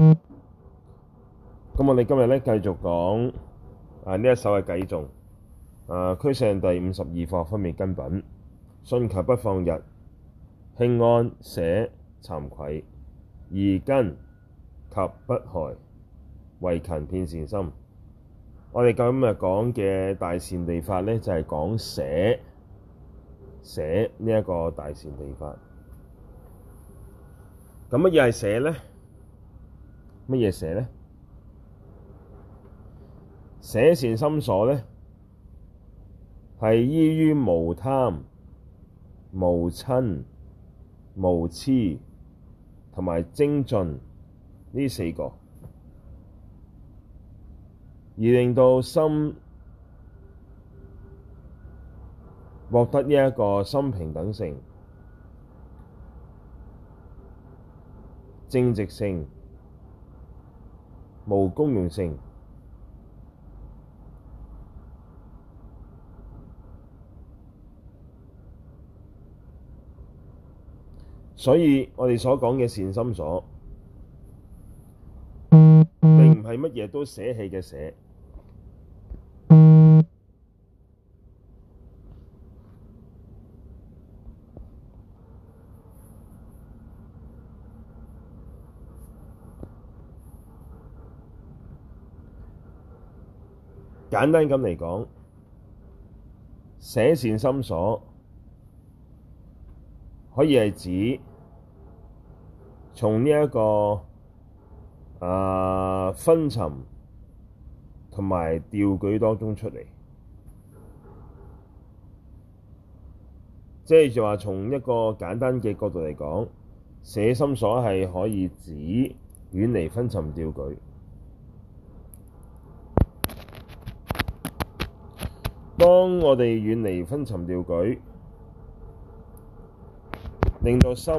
咁我哋今日咧繼續講啊呢一首嘅偈頌，啊俱舍第五十二課分別根品，信及不放逸。輕安捨慚愧，二根及不害，為勤遍善，善心。我哋今日講嘅大善地法呢，就係講捨捨呢一個大善地法。咁乜嘢係捨呢？乜嘢捨呢？捨善心所呢，係依於無貪、無瞋、無痴同埋精進呢四個，而令到心獲得呢一個心平等性、正直性、無功用性，所以我哋所講嘅善心所，並唔係乜嘢都捨棄嘅捨。簡單咁嚟講，捨善心所可以係指從呢、這、一個啊、呃、昏沉同埋掉舉當中出嚟，即係就話從一個簡單嘅角度嚟講，捨心所係可以指遠離昏沉掉舉。當我哋遠離昏沉掉舉，令到心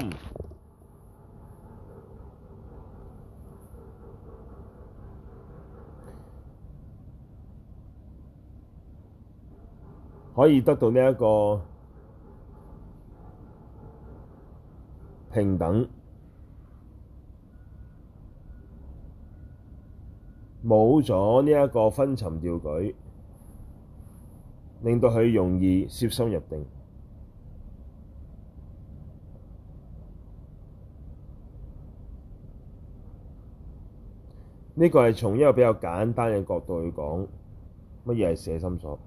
可以得到呢一個平等，冇咗呢一個昏沉掉舉。令到佢容易攝心入定。呢、這個係從一個比較簡單嘅角度去講，乜嘢係捨心所？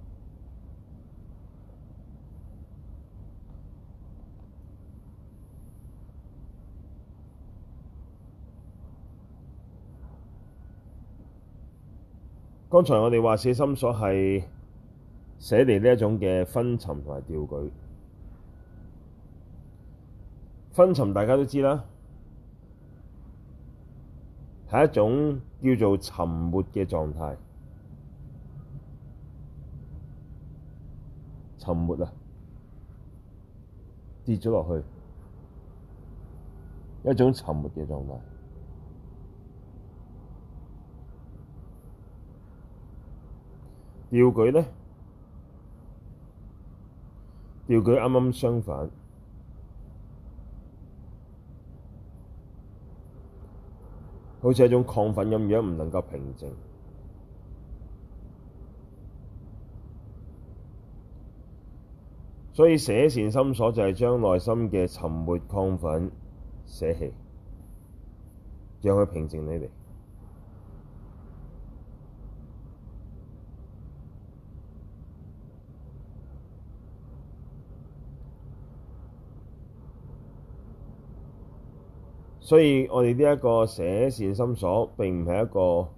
剛才我哋話捨心所係。寫嚟呢一種嘅昏沉同埋掉舉，昏沉大家都知啦，係一種叫做沉沒嘅狀態，沉沒啊，跌咗落去，一種沉沒嘅狀態，掉舉咧。掉舉啱啱相反，好似一種亢奮咁樣，唔能夠平靜。所以捨善心所就係將內心嘅沉沒、亢奮捨棄，讓佢平靜起嚟。所以，我哋呢一個捨善心所並唔係一個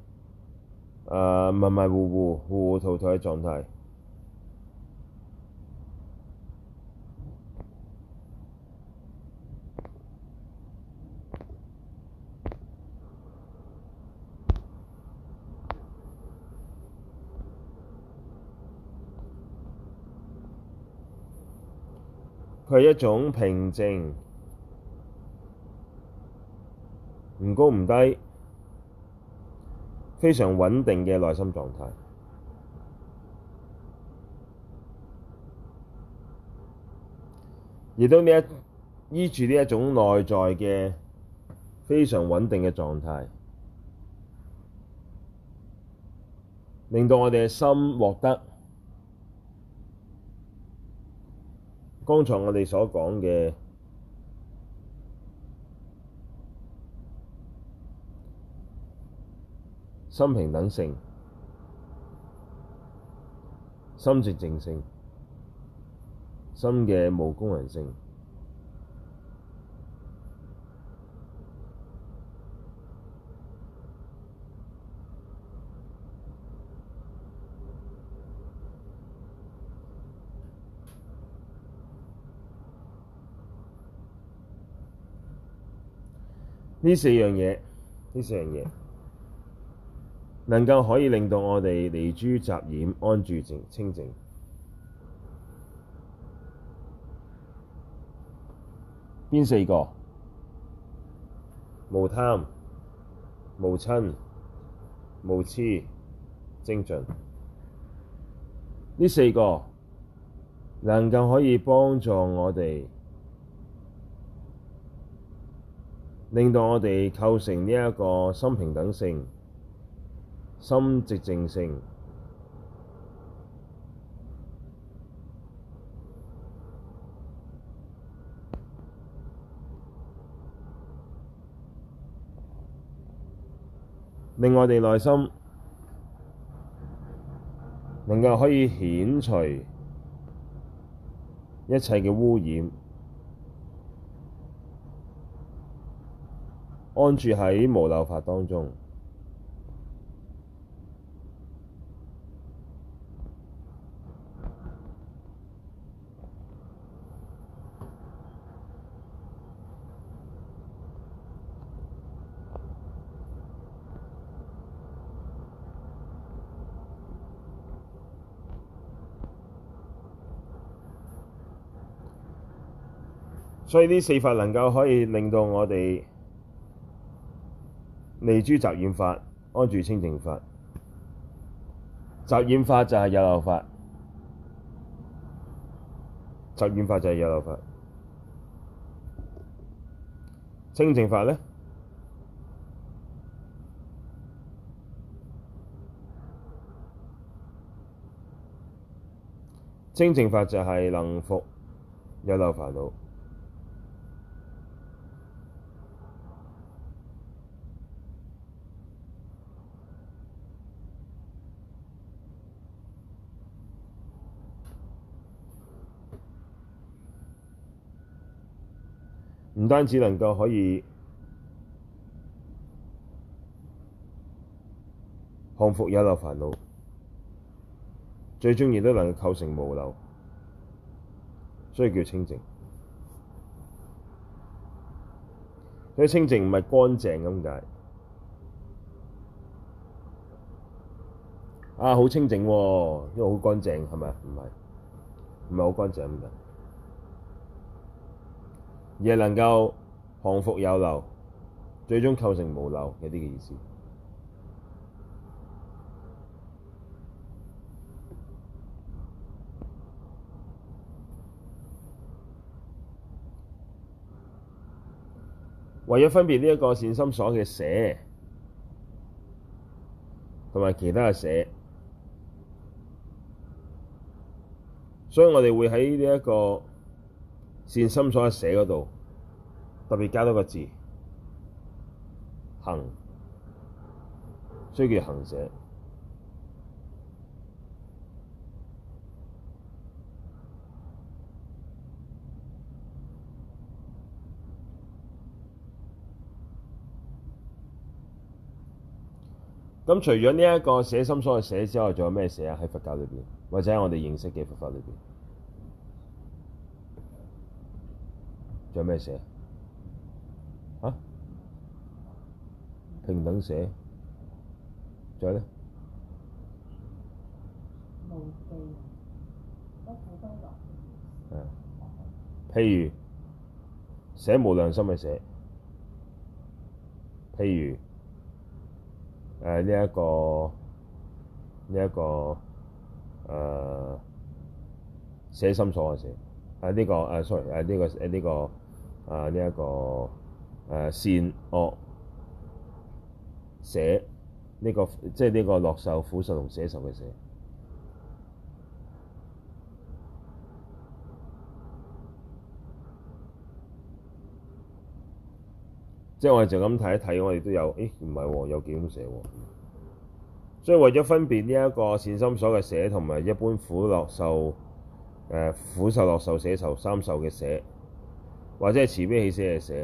誒迷迷糊糊、糊糊塗塗嘅狀態，佢係一種平靜。唔高唔低，非常穩定嘅內心狀態，亦都呢一依住呢一種內在嘅非常穩定嘅狀態，令到我哋嘅心獲得剛才我哋所講嘅。心平等性、心正直性、心嘅無功用性，呢四樣嘢，呢四樣嘢。能夠可以令到我哋離諸雜染，安住淨清淨。邊四個？無貪、無瞋、無痴、精進。呢四個能夠可以幫助我哋，令到我哋構成呢一個心平等性。心直正性，令我哋內心能夠可以遣除一切嘅污染，安住喺無漏法當中。所以呢四法能夠可以令到我哋離諸雜染法、安住清淨法。雜染法就係有漏法，雜染法就係有漏法，法，法。清淨法呢？清淨法就係能伏有漏煩惱。唔單止能夠可以克服有漏煩惱，最終亦都能夠構成無漏，所以叫清淨。所以清淨唔係乾淨咁解。啊，好清淨喎，因為好乾淨，係咪？唔係，唔係好乾淨咁解。亦能夠降伏有漏，最終構成無漏一啲嘅意思。 為咗分辨呢一個善心所嘅捨，同埋其他嘅捨，所以我哋會喺呢一個。善心所嘅捨嗰度，特別加多個字行，所以叫行捨。咁除咗呢一個捨心所嘅捨之外，仲有咩捨啊？喺佛教裏邊，或者喺我哋認識嘅佛法裏邊？仲有咩捨？啊？平等捨，仲有咧？無地屋企都落。誒，譬如捨無量心嘅捨，譬如誒呢一個呢一個誒捨心所嘅捨，啊呢個誒 sorry 誒呢個誒呢個。啊！呢、這、一個誒、呃、善惡捨呢個即係呢個樂受苦受同捨受嘅捨，即係我哋就咁睇一睇，我哋都有，誒唔係喎，有幾種捨喎。所以為咗分別呢一個善心所嘅捨，同埋一般苦樂受誒、呃、苦受樂受捨受、捨受、三受嘅捨。或者係慈悲喜捨嘅捨，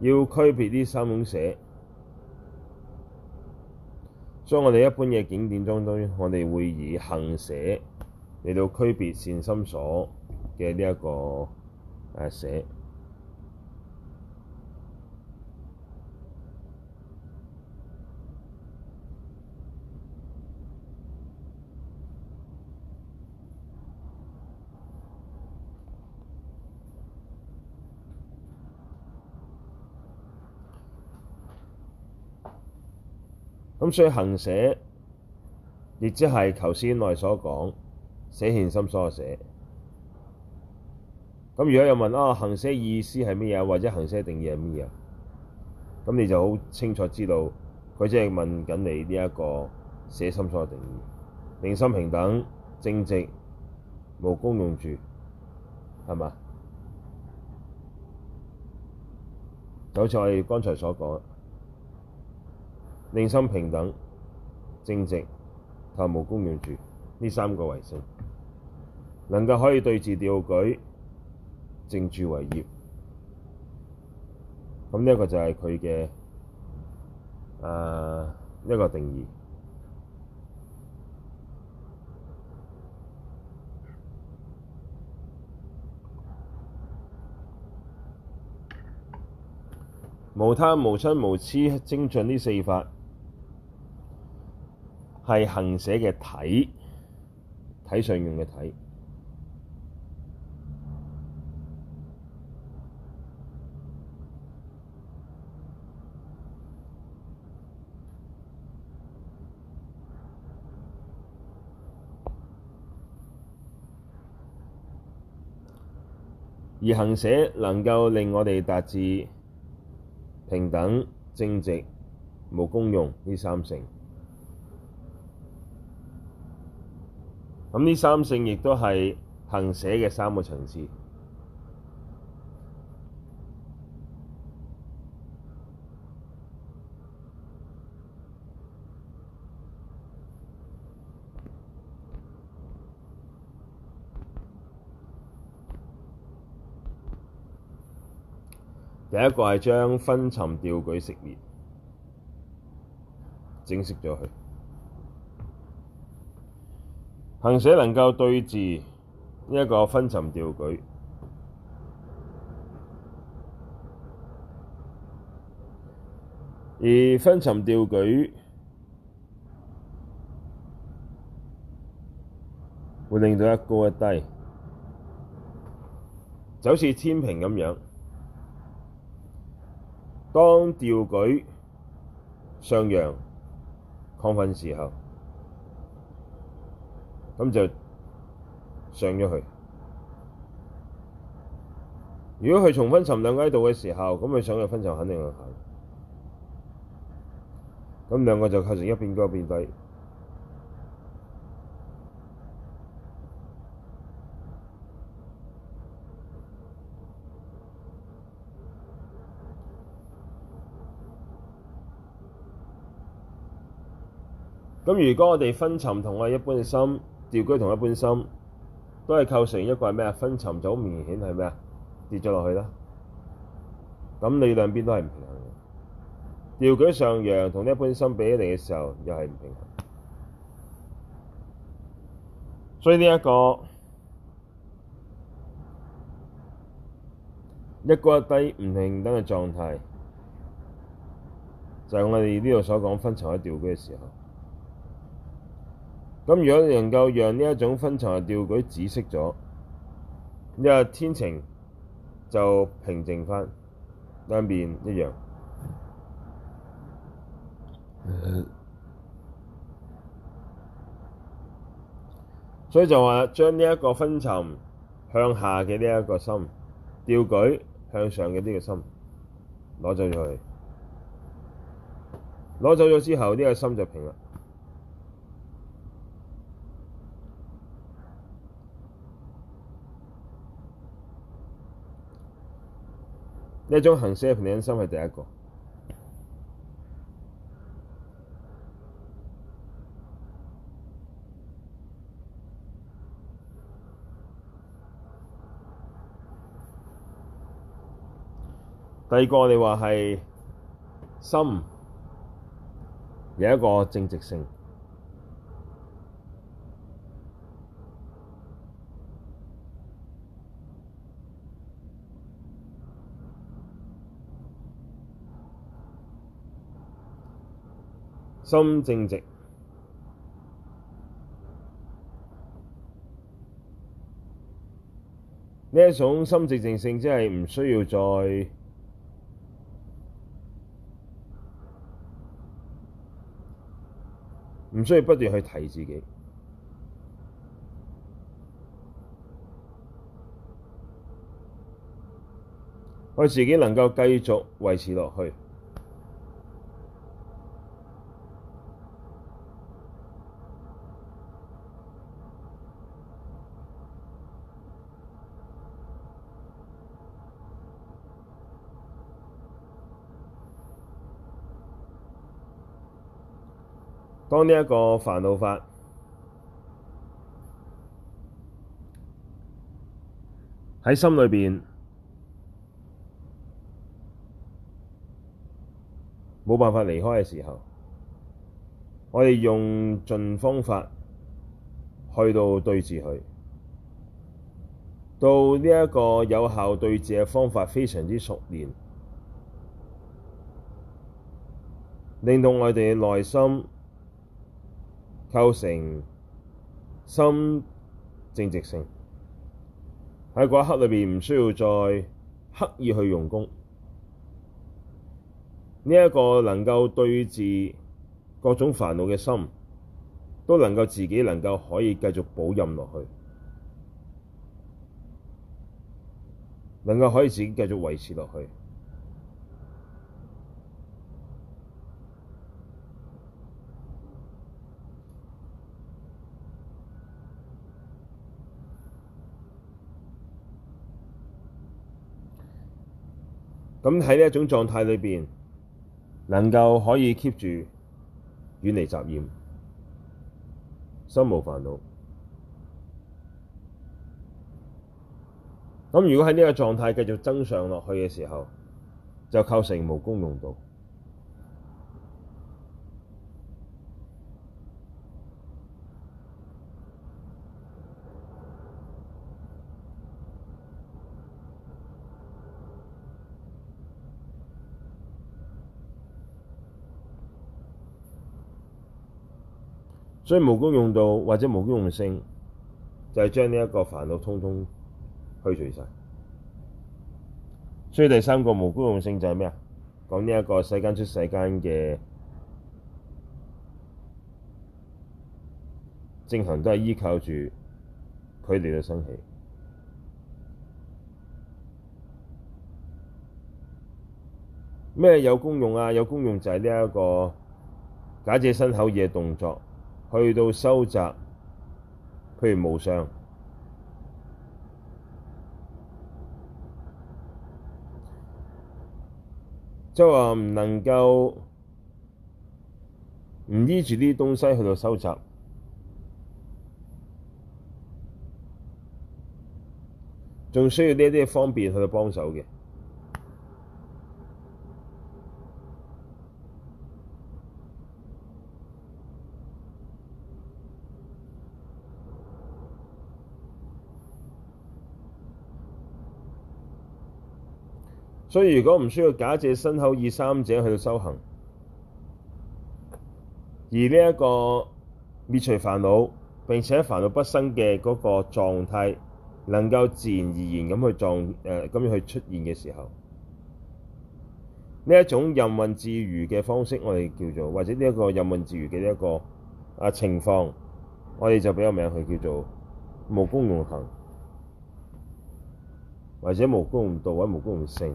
要區別呢三種捨。所以我哋一般嘅經典中，都我哋會以行捨嚟到區別善心所嘅呢一個誒捨。咁所以行捨，亦即係頭先內所講捨善心所嘅捨。咁如果有問啊行捨意思係乜嘢，或者行捨定義係乜嘢，咁你就好清楚知道，佢即係問緊你呢一個捨心所定義，令心平等正直無功用住，係嘛？就好似我哋剛才所講。令心平等、正直、淡無功用住，呢三個為性，能夠可以對治掉舉、靜住為業。咁呢一個就係佢嘅誒一個定義。無貪、無瞋、無癡、精進呢四法。係行捨嘅體，體上用嘅體，而行捨能夠令我哋達至平等、正直、無功用呢三性。咁呢三性亦都係行捨嘅三個層次。第一個係將昏沉掉舉息滅，整熄咗佢。行捨能夠對治呢一個昏沉掉舉，而昏沉掉舉會令到一高一低，就好似天平咁樣。當掉舉上揚亢奮時候。咁就上咗去了。如果佢重昏沉兩個喺度嘅時候，咁佢上嘅昏沉肯定係緊。咁兩個就構成一邊高一邊低。咁如果我哋昏沉同我一般嘅心。掉舉同一半心，都係構成一個咩啊？昏沉就好明顯，係咩啊？跌咗落去啦。咁你兩邊都係唔平衡。嘅掉舉上揚同一半心比起嚟嘅時候，又係唔平衡。所以呢、這、一個一高一低唔平等嘅狀態，就係、是、我哋呢度所講昏沉喺掉舉嘅時候。咁如果能夠讓呢一種昏沉嘅掉舉止息咗，咁啊天秤就平靜翻，兩邊一樣。嗯、所以就話將呢一個昏沉向下嘅呢一個心，掉舉向上嘅呢個心攞走咗去，攞走咗之後，呢、這個心就平啦。一種行捨嘅平等心係第一個，第二個我哋話係心有一個正直性。心正直，呢一種心正直性，即係唔需要再唔需要不斷去提自己，我自己能夠繼續維持落去。當呢一個煩惱法喺心裏邊冇辦法離開嘅時候，我哋用盡方法去到對治佢，到呢一個有效對治嘅方法非常之熟練，令到我哋嘅內心，構成心正直性，喺嗰一刻裏面，唔需要再刻意去用功，呢一個能夠對治各種煩惱嘅心，都能夠自己能夠可以繼續保任落去，能夠可以自己繼續維持落去。咁喺呢一種狀態裏邊，能夠可以 keep 住遠離雜念，心無煩惱。咁如果喺呢個狀態繼續增上落去嘅時候，就構成無功用道。所以無功用道或者無功用性，就係將呢一個煩惱通通去除晒。所以第三個無功用性就係咩啊？講呢一個世間出世間嘅正行，都係依靠住佢哋嘅生起。咩有功用啊？有功用就係呢一個假藉身口意動作。去到修習，譬如無相，即係話唔能夠唔依住呢啲東西去到修習，仲需要呢啲方便去到幫手嘅。所以如果唔需要假借身口意三者去到修行，而呢一個滅除煩惱並且煩惱不生嘅嗰個狀態，能夠自然而然咁去狀誒、呃、去出現嘅時候，呢一種任運自如嘅方式，我哋叫做或者呢一個任運自如嘅一個情況，我哋就俾個名佢叫做無功用行，或者無功用道或者無功用性。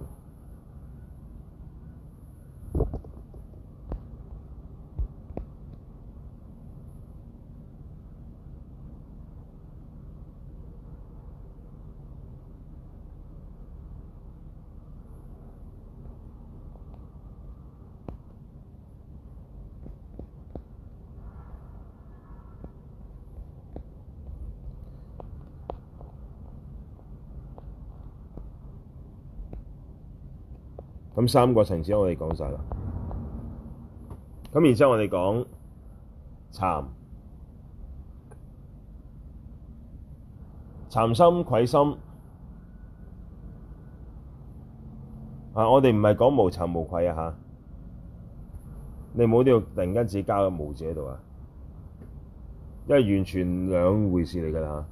三個層次我哋講晒啦，咁然之後我哋講慚、慚心、愧心啊！我哋唔係講無慚無愧啊吓，你冇呢度突然間自己加個無字喺度啊，因為完全兩回事嚟噶啦吓，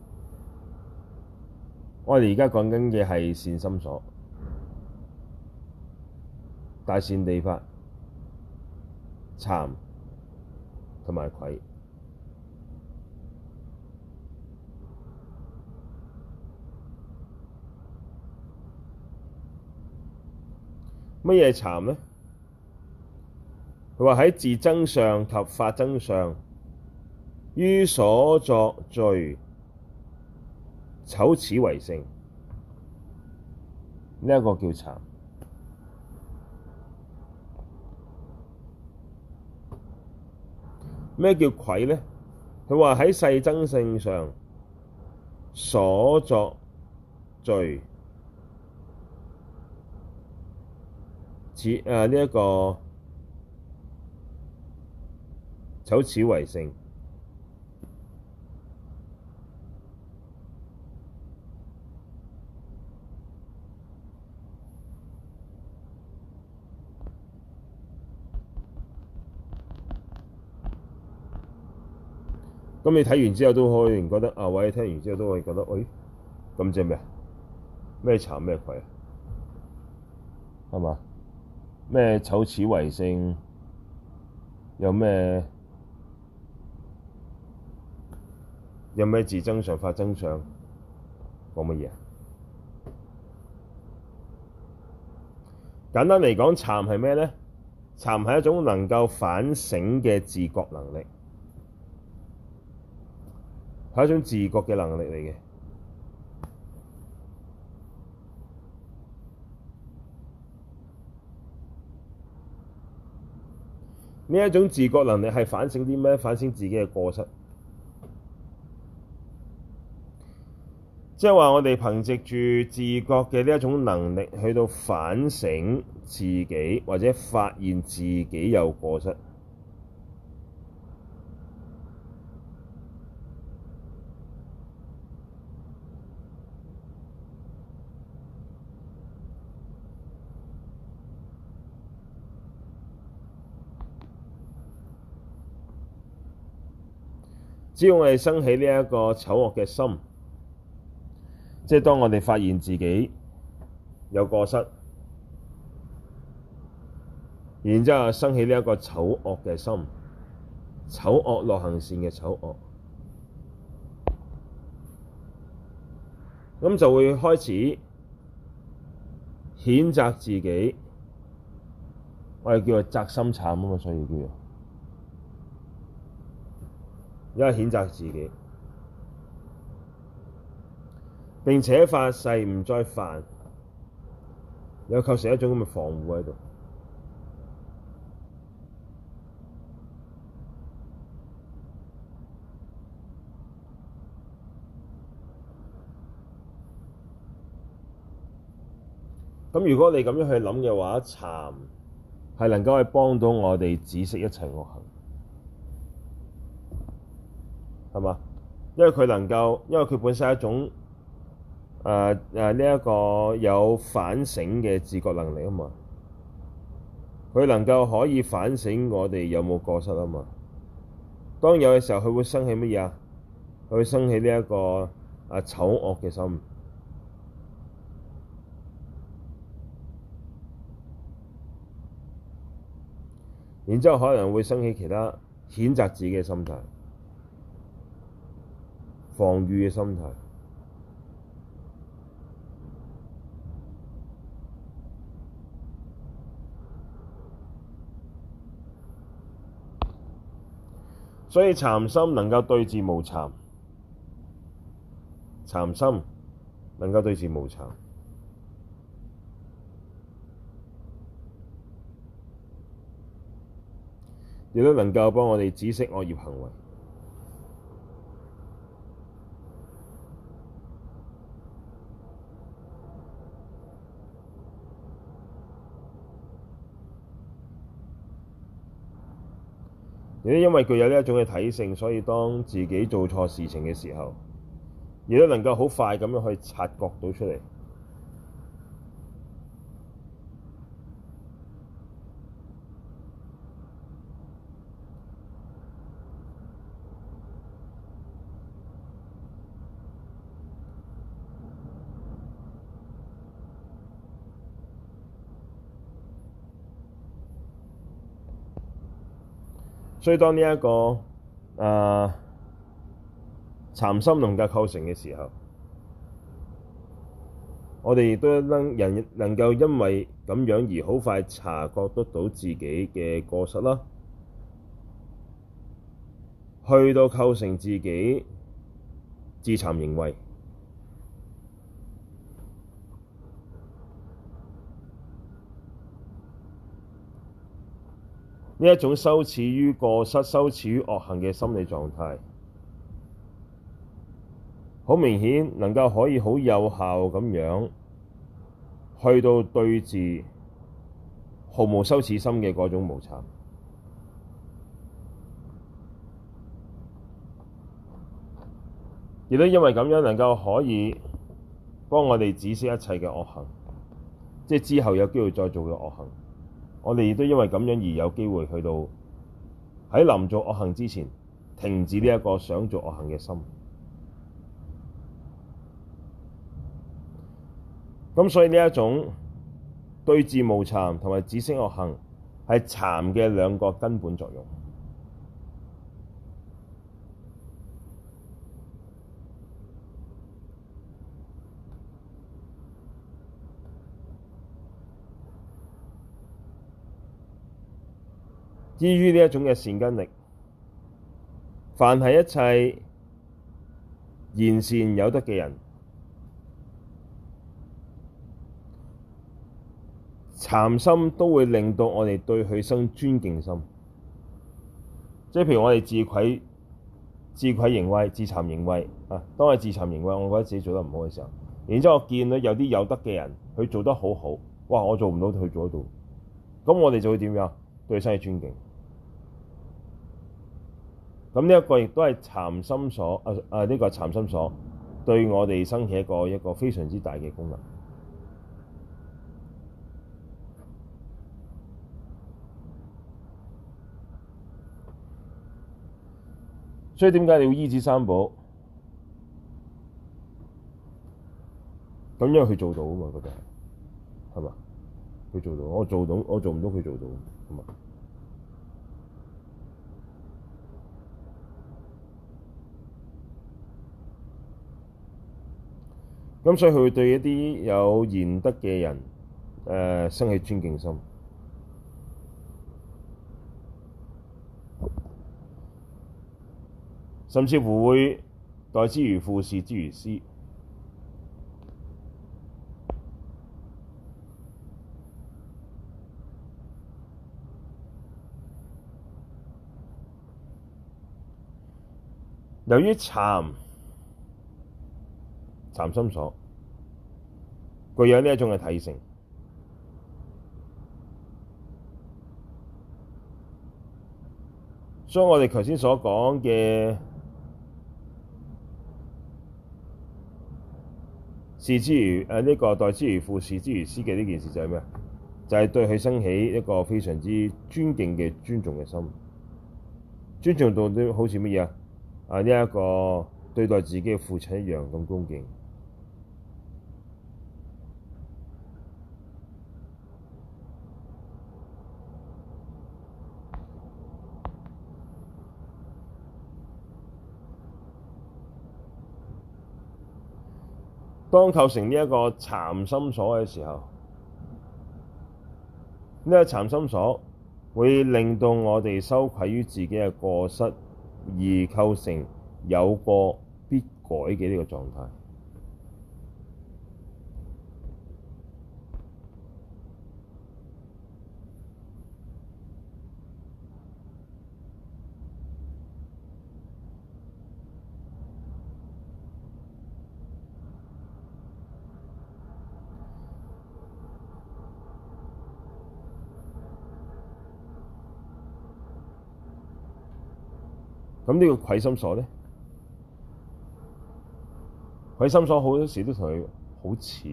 我哋而家講緊嘅係善心所。大善地法，慚同埋愧，乜嘢係慚呢？佢話喺自增上及法增上，於所作罪，羞恥為性，呢一個叫慚。咩叫愧呢？佢話喺世增性上，所作罪，此誒，呢一個羞恥為性。咁你睇完之後都可以覺得阿喂！啊、聽完之後都可以覺得，喂、哎，咁即係咩啊？咩慚咩愧啊？係嘛？咩羞恥為性？有咩有咩自增上法增上講乜嘢啊？簡單嚟講，慚係咩咧？慚係一種能夠反省嘅自覺能力。係一種自覺嘅能力嚟嘅。呢一種自覺能力係反省啲咩？反省自己嘅過失。即係話我哋憑藉住自覺嘅呢一種能力，去到反省自己，或者發現自己有過失。只要我哋生起呢一個羞惡嘅心，即係當我哋發現自己有過失，然之後生起呢一個羞惡嘅心，羞惡落行善嘅羞惡，咁就會開始譴責自己。我哋叫做責心懺啊嘛，所以叫做。因為譴責自己，並且發誓唔再犯，有構成一種咁嘅防護喺度。咁如果你咁樣去諗嘅話，慚係能夠去幫到我哋止息一切惡行。係嘛？因為佢能夠，因為佢本身係一種誒誒呢一個有反省嘅自覺能力啊嘛。佢能夠可以反省我哋有冇過失啊嘛。當有嘅時候，佢會生起乜嘢啊？佢會生起呢、這、一個啊、呃、醜惡嘅心，然之後可能會生起其他譴責自己嘅心態。防御嘅心態，所以慚心能夠對治無慚，慚心能夠對治無慚，亦都能夠幫我哋止息惡業行為。亦都因為具有呢一種嘅體性，所以當自己做錯事情嘅時候，亦都能夠好快咁樣去察覺到出嚟。所以當呢、這、一個誒、啊、慚心融夾構成嘅時候，我哋亦都能人能，能夠因為咁樣而好快察覺得到自己嘅過失啦，去到構成自己自慚形穢。呢一種羞恥於過失、羞恥於惡行嘅心理狀態，好明顯能夠可以好有效咁樣去到對治毫無羞恥心嘅嗰種無慚，亦都因為咁樣能夠可以幫我哋止息一切嘅惡行，即係之後有機會再做嘅惡行。我哋亦都因為咁樣而有機會去到喺臨做惡行之前，停止呢一個想做惡行嘅心。咁所以呢一種對治無慚同埋止息惡行係慚嘅兩個根本作用。至於呢一種嘅善根力，凡係一切賢善有德嘅人，慚心都會令到我哋對佢生尊敬心。即係譬如我哋自愧自愧形穢、自慚形穢啊！當我自慚形穢，我覺得自己做得唔好嘅時候，然之後我見到有啲有德嘅人，佢做得好好，哇！我做唔到佢做得到，咁我哋就會點樣對佢生嘅尊敬？咁呢一個亦都係慚心所啊啊！呢、這個慚心所對我哋生起一個一個非常之大嘅功能。所以點解你要依止三寶？咁因為佢做到啊嘛，覺得係，係嘛？佢做到，我做到，我做唔到，佢做到，係嘛？咁、嗯、所以佢會對一啲有賢德嘅人，誒、呃、生起尊敬心，甚至乎會待之如父，事之如師。由於慚。慚心所具有呢一種嘅體性，所以我哋頭先所講嘅事之如，啊這個、待之如父，事之如師嘅呢件事就係咩啊？就係、是、對佢生起一個非常之尊敬嘅尊重嘅心，尊重到都好似乜嘢啊？啊呢一個對待自己嘅父親一樣咁恭敬。當構成呢一個慚心所嘅時候，呢、這個慚心所會令到我哋羞愧於自己嘅過失，而構成有過必改嘅呢個狀態。咁呢個愧心所呢？愧心所好多時都同佢好似，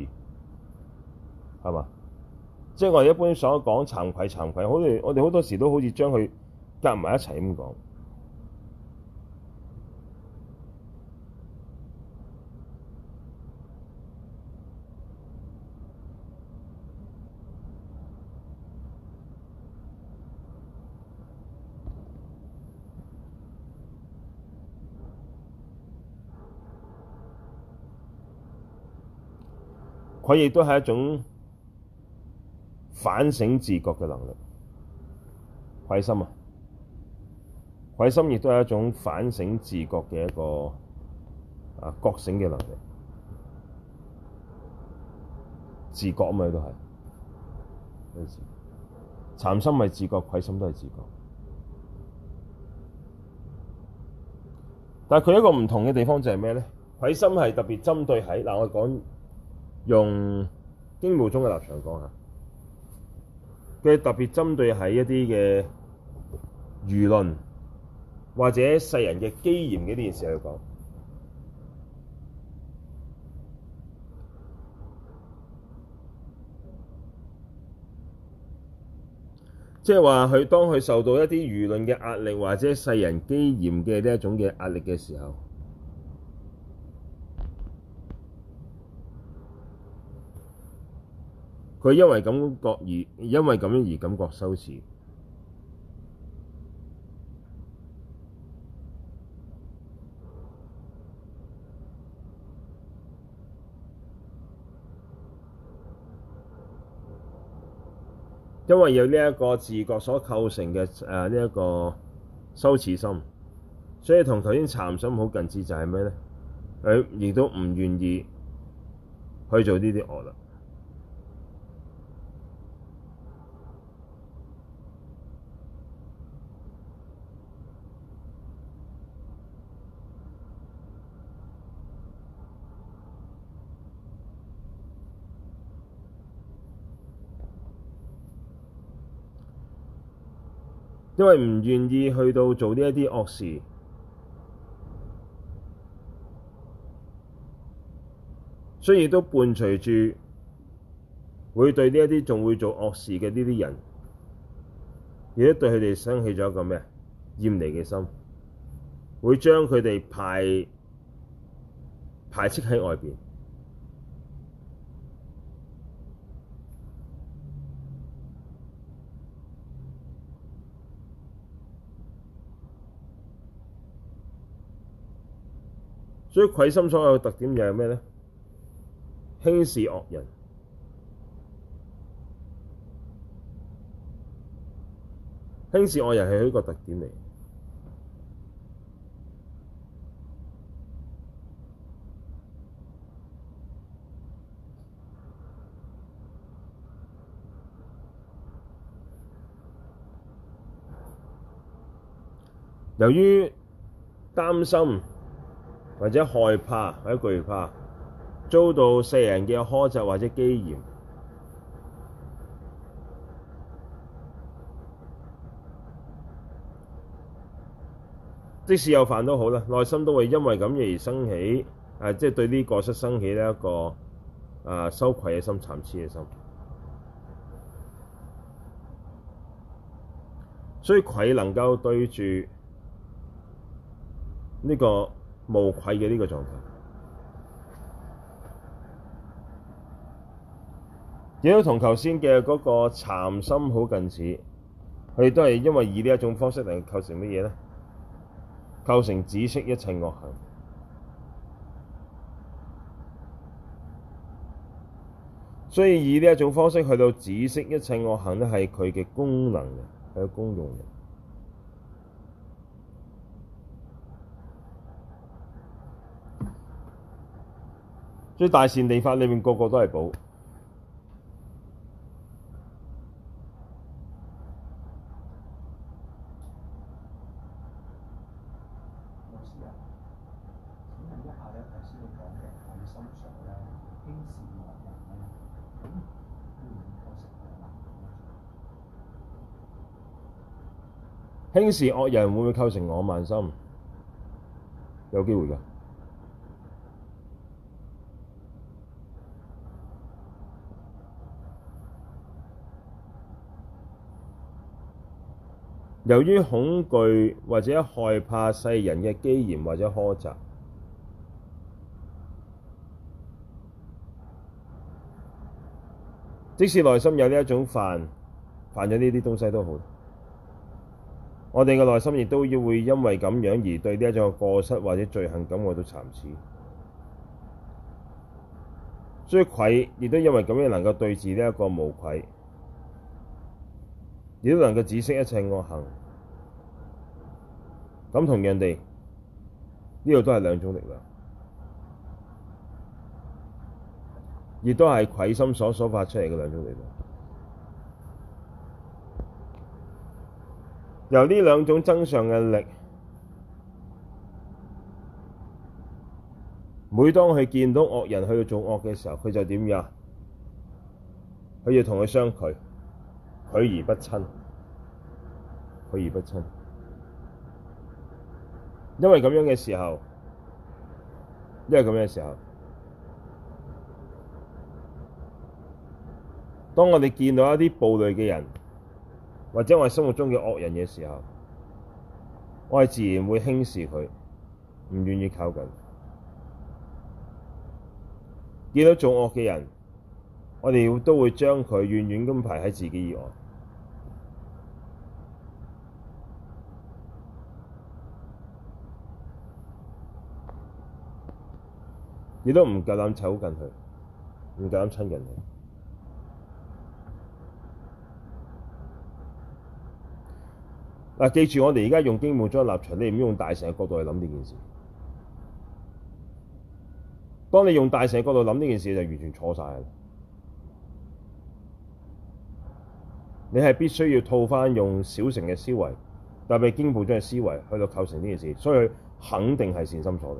係嘛？即係我哋一般所講，慚愧慚愧，好似我哋好多時都好似將佢夾埋一齊咁講。我亦都係一種反省自覺嘅能力，愧心啊！愧心亦都係一種反省自覺嘅一個啊覺醒嘅能力，自覺咪都係。慚心咪自覺，愧心都係自覺。但係佢一個唔同嘅地方就係咩咧？愧心係特別針對喺嗱、啊，我講。.用經貿中嘅立場講下，佢特別針對喺一啲嘅輿論或者世人嘅譏嫌嘅呢件事去講，即係話佢當佢受到一啲輿論嘅壓力或者世人譏嫌嘅呢一種嘅壓力嘅時候。佢因為感覺而，因為咁樣而感覺羞恥，因為有呢一個自覺所構成嘅誒呢一個羞恥心，所以同頭先慚心好近似，就係咩咧？佢亦都唔願意去做呢啲惡啦。因為唔願意去到做呢一啲惡事，所以都伴隨住會對呢一啲仲會做惡事嘅呢啲人，亦都對佢哋生起咗一個咩啊？厭離嘅心，會將佢哋排排斥喺外邊。所以愧心所有嘅特點又係咩呢？輕視惡人，輕視惡人係一個特點嚟。由於擔心，或者害怕，或者懼怕，遭到世人嘅訶責或者譏嫌， 即使有犯都好啦，內心都會因為咁而生起，誒、呃，即係對呢個失生起呢一個誒、呃、羞愧嘅心、慚恥嘅心。所以愧能夠對住呢、這個。無愧嘅呢個狀態，亦都同頭先嘅嗰個慚心好近似。佢哋都係因為以呢一種方式嚟構成乜嘢呢？構成止息一切惡行。所以以呢一種方式去到止息一切惡行，都係佢嘅功能嘅，係佢嘅功用嘅。啲大善地法裏面個個都係寶。老師啊，人一下咧，老輕視惡人會唔會構成我慢心？心？有機會㗎。由於恐懼或者害怕世人嘅譏嫌或者苛責，即使內心有呢一種犯犯咗呢啲東西都好，我哋嘅內心亦都會因為咁樣而對呢一種過失或者罪行感到慚恥，所以愧亦都因為咁樣能夠對治呢一個無愧。亦都能夠止息一切惡行，咁同樣地，呢度都係兩種力量，亦都係愧心所所發出嚟嘅兩種力量。由呢兩種增上嘅力，每當佢見到惡人去做惡嘅時候，佢就點呀？佢要同佢相拒。拒而不親，拒而不親，因為咁樣嘅時候，因為咁樣嘅時候，當我哋見到一啲暴戾嘅人，或者我哋心目中嘅惡人嘅時候，我哋自然會輕視佢，唔願意靠近。見到作惡嘅人，我哋都會將佢遠遠咁排喺自己以外。亦都唔夠膽抽近佢，唔夠膽親近佢。嗱、啊，記住，我哋而家用經部長立場，你唔好用大乘嘅角度去諗呢件事。當你用大乘嘅角度諗呢件事，就完全錯晒啦。你係必須要套翻用小乘嘅思維，特別經部長嘅思維去到構成呢件事，所以佢肯定係善心所嘅。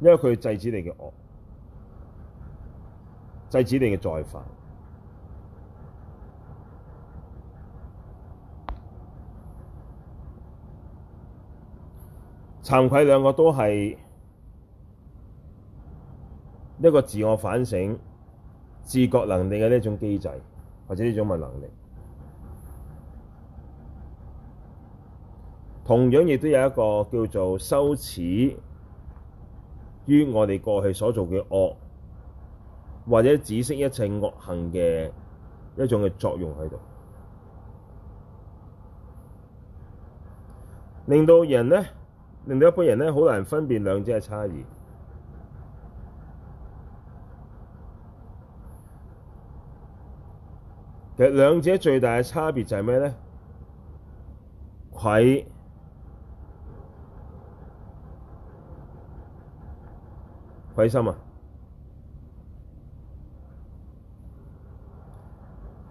因為佢制止你嘅惡，制止你嘅再犯。慚愧，兩個都係一個自我反省、自覺能力嘅呢一種機制，或者呢種嘅能力，同樣亦都有一個叫做羞恥。於我哋過去所做嘅惡，或者止息一切惡行嘅一種嘅作用喺度，令到人咧，令到一般人咧好難分辨兩者嘅差異。其實兩者最大嘅差別就係咩咧？愧。愧心啊，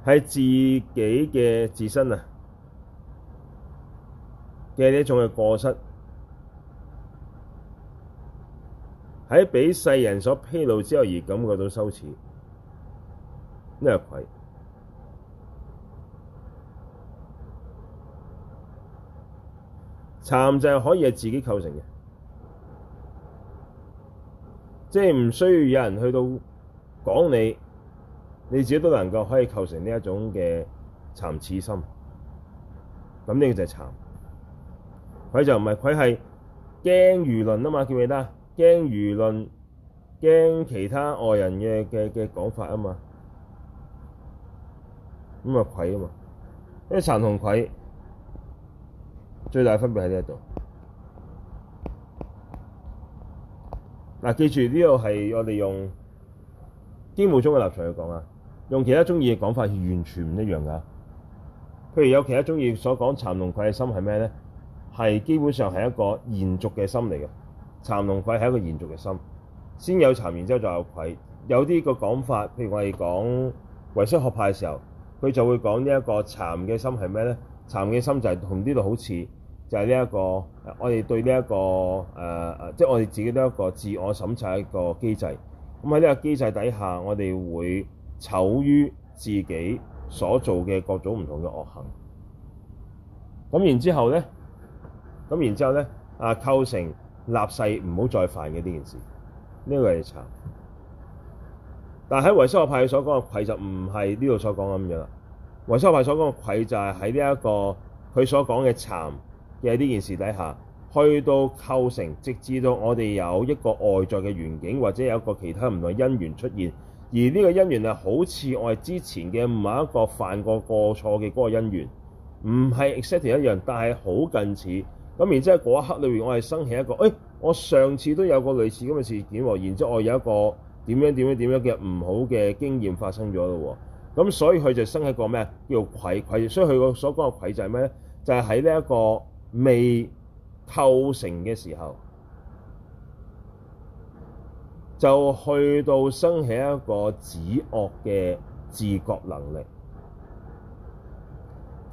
係自己嘅自身啊嘅一種嘅過失，喺俾世人所披露之後而感覺到羞恥，呢個愧，慚就係可以係自己構成嘅。即係唔需要有人去到講你，你自己都能夠可以構成呢一種嘅慚恥心。咁呢個就係慚，佢就唔係，佢係驚輿論啊嘛，記唔記得啊？驚輿論，驚其他外人嘅嘅嘅講法啊嘛。咁啊愧啊嘛，因為慚同愧，慚愧最大分別喺呢一度。嗱，記住呢度係我哋用經典中嘅立場去講啊，用其他宗義嘅講法係完全唔一樣噶。譬如有其他宗義所講，慚龍愧嘅心係咩咧？係基本上係一個延續嘅心嚟嘅，慚龍愧係一個延續嘅心，先有慚，然之後就有愧。有啲個講法，譬如我哋講唯識學派嘅時候，佢就會講呢一個慚嘅心係咩咧？慚嘅心就係同呢度好似。就係呢一個，我哋對呢、這、一個誒誒，即、呃、係、就是、我哋自己都一個自我審查一個機制。咁喺呢個機制底下，我哋會羞於自己所做嘅各種唔同嘅惡行。咁然之後咧，咁然之後咧，啊構成立誓唔好再犯嘅呢件事，呢個係慚。但係喺維修學派所講嘅愧就唔係呢度所講咁樣啦。維修學派所講嘅愧就係喺呢一個佢所講嘅慚。喺呢件事底下，去到構成，直至到我哋有一個外在嘅緣景，或者有一個其他唔同嘅因緣出現。而呢個因緣係好似我係之前嘅某一個犯過過錯嘅嗰個因緣，唔係 exactly 一樣，但係好近似。咁然之後嗰一刻裏面，我係生起一個，誒、哎，我上次都有個類似咁嘅事件喎。然之後我有一個點樣點樣點樣嘅唔好嘅經驗發生咗咯。咁所以佢就生起一個咩？叫做愧愧。所以佢個所講嘅愧就係咩咧？就係喺呢一個。未構成嘅時候，就去到生起一個止惡嘅自覺能力。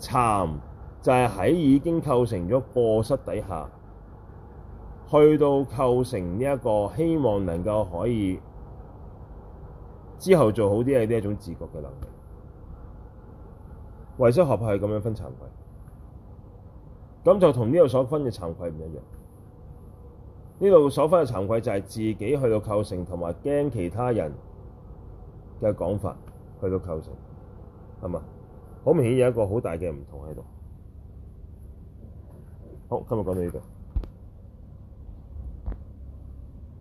慚就係喺已經構成咗過失底下，去到構成呢一個，希望能夠可以之後做好啲嘅呢一種自覺嘅能力。唯識學派係咁樣分慚愧。咁就同呢度所分嘅慚愧唔一樣。呢度所分嘅慚愧就係自己去到構成，同埋驚其他人嘅講法去到構成，係咪？好明顯有一個好大嘅唔同喺度。好，今日講到呢度。